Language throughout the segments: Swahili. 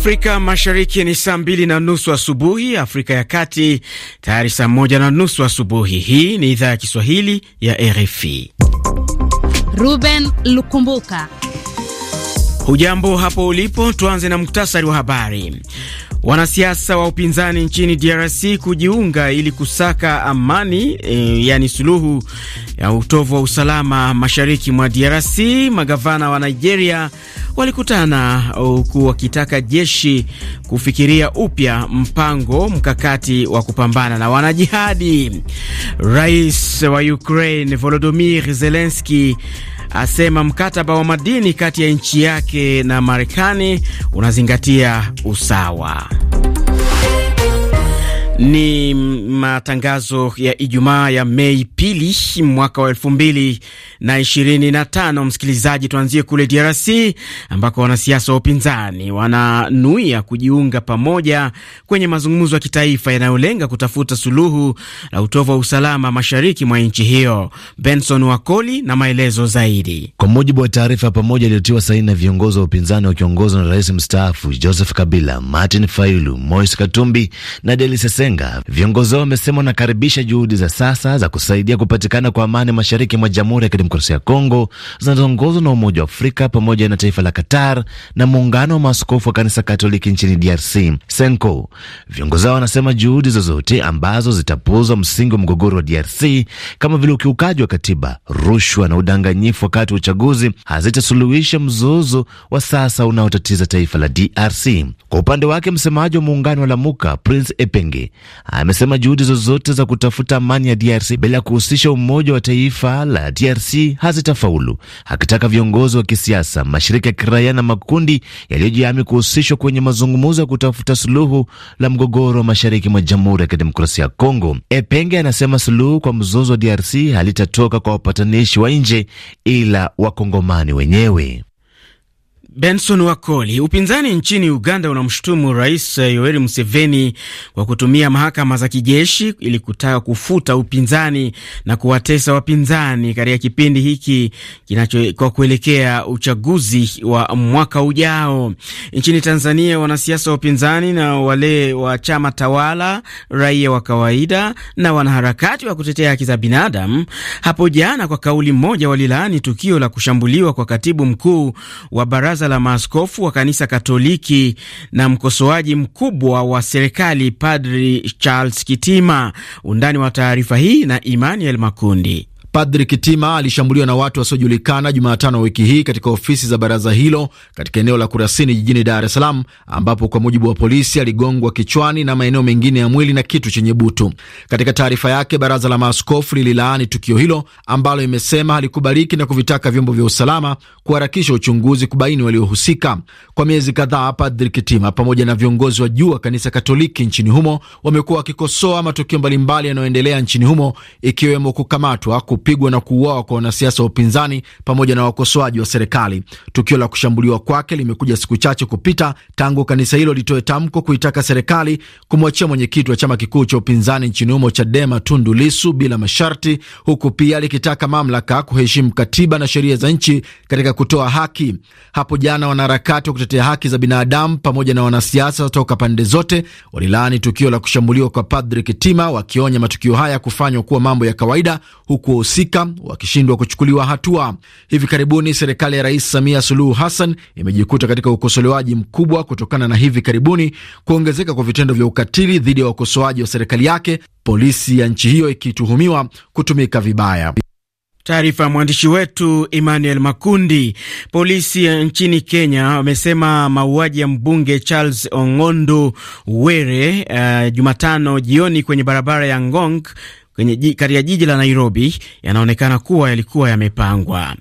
Afrika Mashariki ni saa mbili na nusu asubuhi, Afrika ya Kati tayari saa moja na nusu asubuhi. Hii ni idhaa ya Kiswahili ya RFI. Ruben Lukumbuka. Hujambo hapo ulipo, tuanze na muktasari wa habari. Wanasiasa wa upinzani nchini DRC kujiunga ili kusaka amani e, yani suluhu ya utovu wa usalama mashariki mwa DRC. Magavana wa Nigeria walikutana huku wakitaka jeshi kufikiria upya mpango mkakati wa kupambana na wanajihadi. Rais wa Ukraine Volodymyr Zelensky asema mkataba wa madini kati ya nchi yake na Marekani unazingatia usawa. Ni matangazo ya Ijumaa ya Mei pili mwaka wa elfu mbili na ishirini na tano. Msikilizaji, tuanzie kule DRC ambako wanasiasa wa upinzani wananuia kujiunga pamoja kwenye mazungumzo ya kitaifa yanayolenga kutafuta suluhu la utovu wa usalama mashariki mwa nchi hiyo. Benson Wakoli na maelezo zaidi. Kwa mujibu wa taarifa ya pamoja iliyotiwa saini na viongozi wa upinzani wakiongozwa na rais mstaafu Joseph Kabila, Martin Fayulu, Moise Katumbi na Denis Makenga, viongozi wao wamesema wanakaribisha juhudi za sasa za kusaidia kupatikana kwa amani mashariki mwa Jamhuri ya Kidemokrasia ya Kongo zinazoongozwa na Umoja wa Afrika pamoja na taifa la Qatar na muungano wa maaskofu wa kanisa Katoliki nchini DRC Senko. Viongozi hao wanasema juhudi zozote ambazo zitapuuza msingi wa mgogoro wa DRC kama vile ukiukaji wa katiba, rushwa na udanganyifu wakati wa uchaguzi hazitasuluhisha mzozo wa sasa unaotatiza taifa la DRC. Kwa upande wake, msemaji wa muungano wa Lamuka Prince Epenge amesema juhudi zozote za kutafuta amani ya DRC bila kuhusisha umoja wa taifa la DRC hazitafaulu, akitaka viongozi wa kisiasa, mashirika ya kiraia na makundi yaliyojihami kuhusishwa kwenye mazungumzo ya kutafuta suluhu la mgogoro wa mashariki mwa Jamhuri ya Kidemokrasia ya Kongo. Epenge anasema suluhu kwa mzozo wa DRC halitatoka kwa wapatanishi wa nje, ila wakongomani wenyewe. Benson Wakoli. Upinzani nchini Uganda unamshutumu Rais Yoweri Museveni kwa kutumia mahakama za kijeshi ili kutaka kufuta upinzani na kuwatesa wapinzani katika kipindi hiki kinacho kwa kuelekea uchaguzi wa mwaka ujao. Nchini Tanzania, wanasiasa wa upinzani na wale wa chama tawala, raia wa kawaida na wanaharakati wa kutetea haki za binadamu, hapo jana kwa kauli moja walilaani tukio la kushambuliwa kwa katibu mkuu wa baraza baraza la maaskofu wa kanisa Katoliki na mkosoaji mkubwa wa serikali Padri Charles Kitima. Undani wa taarifa hii na Emmanuel Makundi. Padri Kitima alishambuliwa na watu wasiojulikana Jumatano wiki hii katika ofisi za baraza hilo katika eneo la Kurasini jijini Dar es Salaam, ambapo kwa mujibu wa polisi aligongwa kichwani na maeneo mengine ya mwili na kitu chenye butu. Katika taarifa yake, baraza la maaskofu lililaani tukio hilo ambalo imesema halikubaliki na kuvitaka vyombo vya usalama kuharakisha uchunguzi kubaini waliohusika. Kwa miezi kadhaa, Padri Kitima pamoja na viongozi wa juu wa kanisa Katoliki nchini humo wamekuwa wakikosoa matukio mbalimbali yanayoendelea nchini humo ikiwemo kukamatwa kupigwa na kuuawa kwa wanasiasa wa upinzani pamoja na wakosoaji wa serikali. Tukio la kushambuliwa kwake limekuja siku chache kupita tangu kanisa hilo litoe tamko kuitaka serikali kumwachia mwenyekiti wa chama kikuu cha upinzani nchini humo Chadema Tundu Lisu bila masharti, huku pia likitaka mamlaka kuheshimu katiba na sheria za nchi katika kutoa haki. Hapo jana wanaharakati wa kutetea haki za binadamu pamoja na wanasiasa toka pande zote walilaani tukio la kushambuliwa kwa Padri Kitima, wakionya matukio haya kufanywa kuwa mambo ya kawaida huku husika wakishindwa kuchukuliwa hatua. Hivi karibuni serikali ya Rais Samia Suluhu Hassan imejikuta katika ukosolewaji mkubwa kutokana na hivi karibuni kuongezeka kwa vitendo vya ukatili dhidi ya wakosoaji wa serikali yake, polisi ya nchi hiyo ikituhumiwa kutumika vibaya. Taarifa ya mwandishi wetu Emmanuel Makundi. Polisi nchini Kenya wamesema mauaji ya mbunge Charles Ong'ondo Were uh, Jumatano jioni kwenye barabara ya Ngong katika jiji la Nairobi yanaonekana kuwa yalikuwa yamepangwa.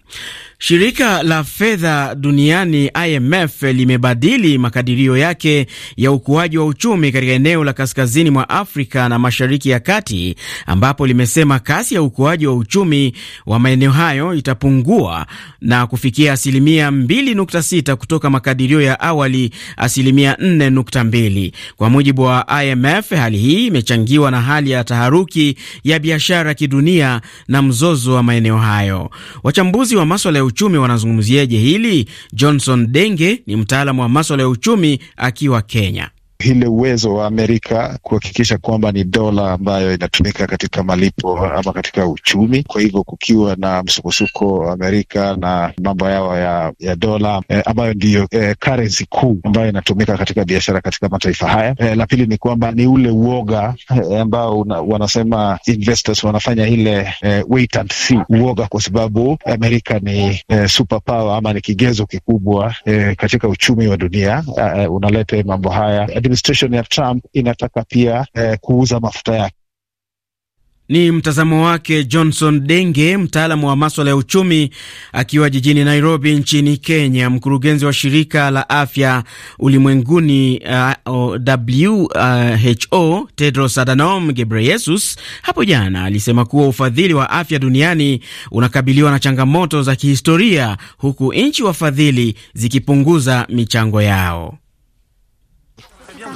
Shirika la fedha duniani IMF limebadili makadirio yake ya ukuaji wa uchumi katika eneo la kaskazini mwa Afrika na Mashariki ya Kati, ambapo limesema kasi ya ukuaji wa uchumi wa maeneo hayo itapungua na kufikia asilimia 2.6 kutoka makadirio ya awali asilimia 4.2. Kwa mujibu wa IMF, hali hii imechangiwa na hali ya taharuki ya biashara kidunia na mzozo wa maeneo hayo. Wachambuzi wa maswala ya uchumi wanazungumziaje hili? Johnson Denge ni mtaalamu wa maswala ya uchumi akiwa Kenya ile uwezo wa Amerika kuhakikisha kwamba ni dola ambayo inatumika katika malipo ama katika uchumi. Kwa hivyo kukiwa na msukosuko wa Amerika na mambo yao ya, ya dola eh, ambayo ndiyo eh, currency kuu ambayo inatumika katika biashara katika mataifa haya eh, la pili ni kwamba ni ule uoga eh, ambao una, wanasema investors wanafanya ile eh, wait and see uoga, kwa sababu Amerika ni eh, ama ni kigezo kikubwa eh, katika uchumi wa dunia eh, unaleta mambo haya administration ya Trump inataka pia eh, kuuza mafuta yake. Ni mtazamo wake Johnson Denge, mtaalamu wa maswala ya uchumi, akiwa jijini Nairobi nchini Kenya, mkurugenzi wa shirika la afya ulimwenguni uh, WHO Tedros Adhanom Ghebreyesus hapo jana alisema kuwa ufadhili wa afya duniani unakabiliwa na changamoto za kihistoria, huku nchi wafadhili zikipunguza michango yao.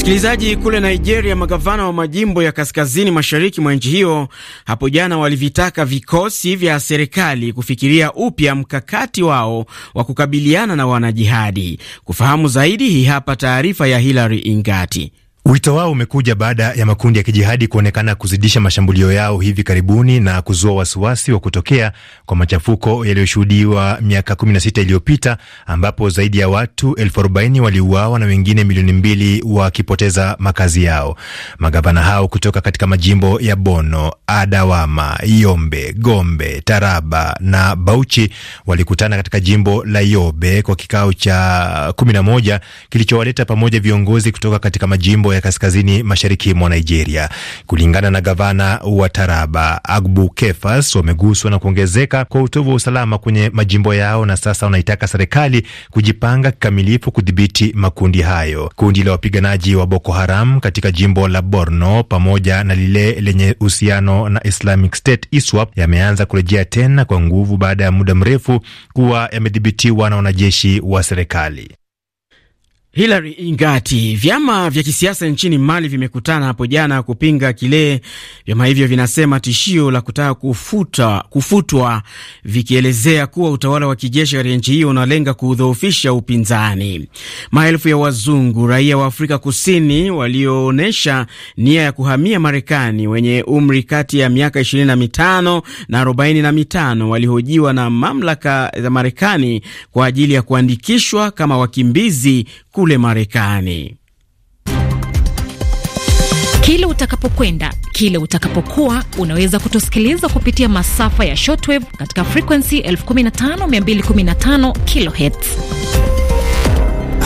Msikilizaji, kule Nigeria, magavana wa majimbo ya kaskazini mashariki mwa nchi hiyo hapo jana walivitaka vikosi vya serikali kufikiria upya mkakati wao wa kukabiliana na wanajihadi. Kufahamu zaidi, hii hapa taarifa ya Hilary Ingati. Wito wao umekuja baada ya makundi ya kijihadi kuonekana kuzidisha mashambulio yao hivi karibuni na kuzua wasiwasi wa kutokea kwa machafuko yaliyoshuhudiwa miaka 16 iliyopita ambapo zaidi ya watu elfu arobaini waliuawa na wengine milioni mbili wakipoteza makazi yao. Magavana hao kutoka katika majimbo ya Bono, Adawama, Yombe, Gombe, Taraba na Bauchi walikutana katika jimbo la Yobe kwa kikao cha 11 kilichowaleta pamoja viongozi kutoka katika majimbo ya kaskazini mashariki mwa Nigeria. Kulingana na gavana wa Taraba Agbu Kefas, wameguswa na kuongezeka kwa utovu wa usalama kwenye majimbo yao na sasa wanaitaka serikali kujipanga kikamilifu kudhibiti makundi hayo. Kundi la wapiganaji wa Boko Haram katika jimbo la Borno pamoja na lile lenye uhusiano na Islamic State ISWAP yameanza kurejea tena kwa nguvu baada ya muda mrefu kuwa yamedhibitiwa na wanajeshi wa serikali. Hilary Ingati. Vyama vya kisiasa nchini Mali vimekutana hapo jana kupinga kile vyama hivyo vinasema tishio la kutaka kufuta, kufutwa, vikielezea kuwa utawala wa kijeshi katika nchi hiyo unalenga kuudhoofisha upinzani. Maelfu ya wazungu raia wa Afrika Kusini walioonyesha nia ya kuhamia Marekani wenye umri kati ya miaka 25 na 45 walihojiwa na mamlaka za Marekani kwa ajili ya kuandikishwa kama wakimbizi kule Marekani. Kile utakapokwenda kile utakapokuwa unaweza kutusikiliza kupitia masafa ya shortwave katika frekuensi 15215 kilohertz.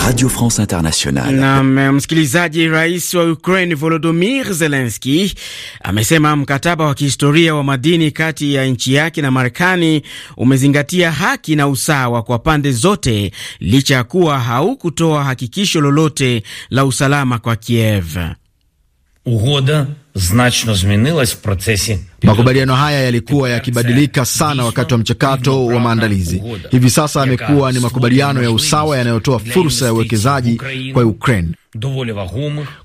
Radio France Internationale. Na eh, msikilizaji, rais wa Ukraine Volodymyr Zelensky amesema mkataba wa kihistoria wa madini kati ya nchi yake na Marekani umezingatia haki na usawa kwa pande zote, licha ya kuwa haukutoa hakikisho lolote la usalama kwa Kiev. Uhoda Значно змінилась в процесі. Makubaliano haya yalikuwa yakibadilika sana wakati wa mchakato wa maandalizi. Hivi sasa amekuwa ni makubaliano ya usawa yanayotoa fursa ya uwekezaji kwa Ukraine.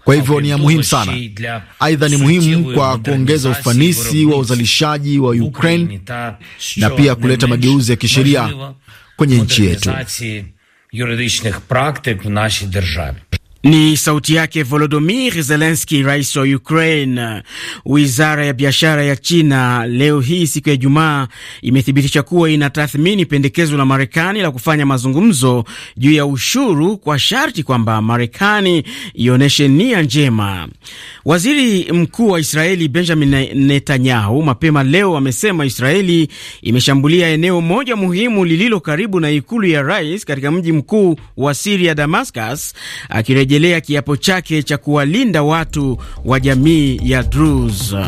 Kwa hivyo ni ya muhimu sana. Aidha, ni muhimu kwa kuongeza ufanisi wa uzalishaji wa Ukraine na pia kuleta mageuzi ya kisheria kwenye nchi yetu. Ni sauti yake Volodymyr Zelensky, rais wa Ukraine. Wizara ya biashara ya China leo hii siku ya Ijumaa imethibitisha kuwa inatathmini pendekezo la Marekani la kufanya mazungumzo juu ya ushuru kwa sharti kwamba Marekani ionyeshe nia njema. Waziri mkuu wa Israeli Benjamin Netanyahu mapema leo amesema Israeli imeshambulia eneo moja muhimu lililo karibu na ikulu ya rais katika mji mkuu wa Siria, Damascus, akire amerejelea kiapo chake cha kuwalinda watu wa jamii ya Druze.